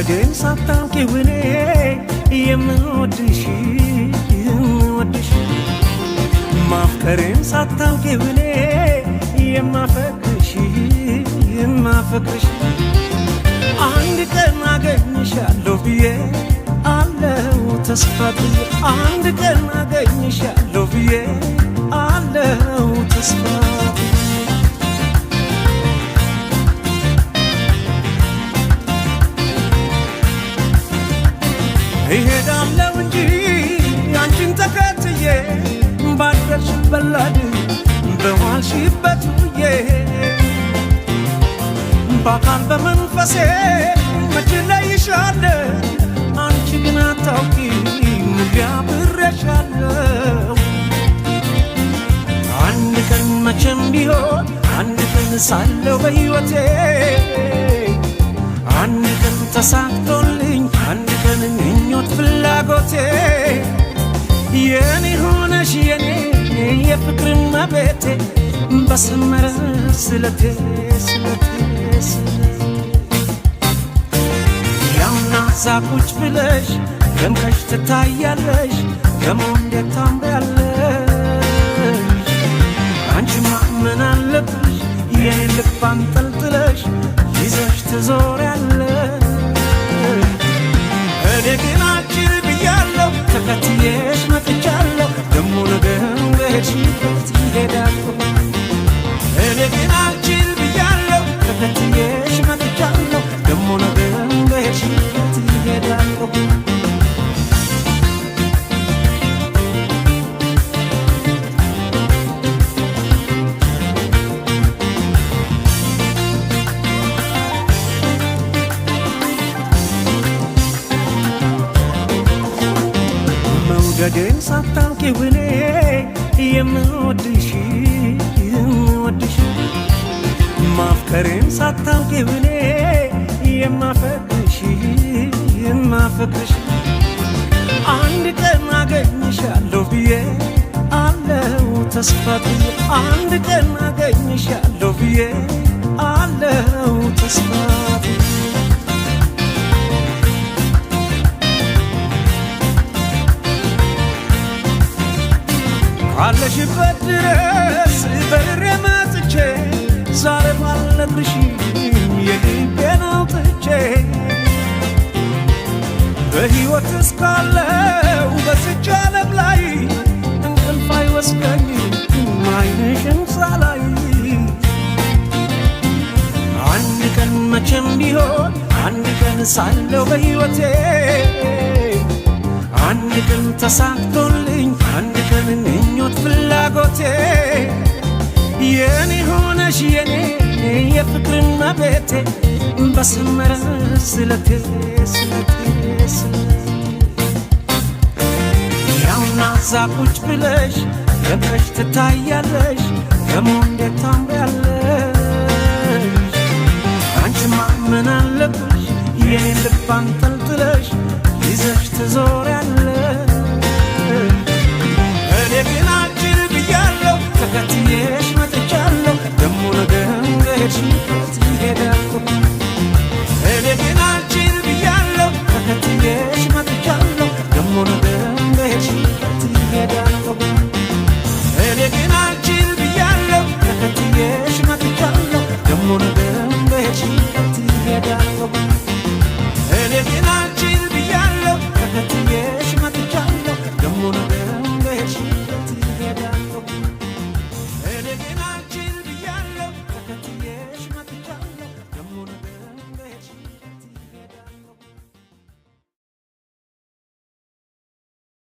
ውደድን ሳታውቂው እኔ የምወድሽ የምወድሽ ማፍቀርን ሳታውቂው እኔ የማፈቅርሽ የማፈቅርሽ አንድ ቀን አገኝሻለሁ ብዬ አለው ተስፋ ብዬ አንድ ቀን አገኝሻለሁ ብዬ አለው ተስፋ እሄዳለሁ እንጂ አንቺን ተከትዬ ባደርሽበት ላድር በዋልሽበት ውዬ በአካል በመንፈሴ መች እለይሻለሁ አንቺ ግን አታውቂም አብሬሻለሁ አንድ ቀን መቼም ቢሆን አንድ ቀን ሳለሁ በሕይወቴ አንድ ቀን ተሳክቶ حياتي ياني هونش ياني يا فكر ما بيتي بس مرسلتي سلتي سلتي ያውና ዛቁጭ ብለሽ ደምቀሽ ትታያለሽ ደሞ እንዴት ታምሪያለሽ አንቺ ማመን አለብሽ የልብ አንጠልጥለሽ ይዘሽ ትዞሪያለሽ መውደድን ሳታውቂ እኔ የምወድሽ የምወድሽ ማፍቀርን ሳታውቂው እኔ የማፈቅርሽ የማፈቅርሽ አንድ ቀን አገኝሻለሁ ብዬ አለው ተስፋ ብዬ አንድ ቀን አገኝሻለሁ ብዬ አለው ተስፋ ብዬ ድረስ በሬ መጥቼ ዛሬ ባለልሽ የልቤን አውጥቼ በሕይወት እስካለው በዝች ዓለም ላይ እንቅልፍ አይወስደኝ አይንሽን ሳላይ አንድ ቀን መቼም ቢሆን አንድ ቀን ሳለው በሕይወቴ አንድ ቀን ተሳክቶልኝ አንድ ቀን የኔ የፍቅርና ቤቴ በሰመረ ስለቴ ስለቴ ስለቴ ያውና እዛ ቁጭ ብለሽ ደምቀሽ ትታያለሽ ደግሞ እንዴት ታምሪያለሽ አንቺማ ምን አለብሽ የኔን ልብ አንጠልጥለሽ ይዘሽ ትዞሪያ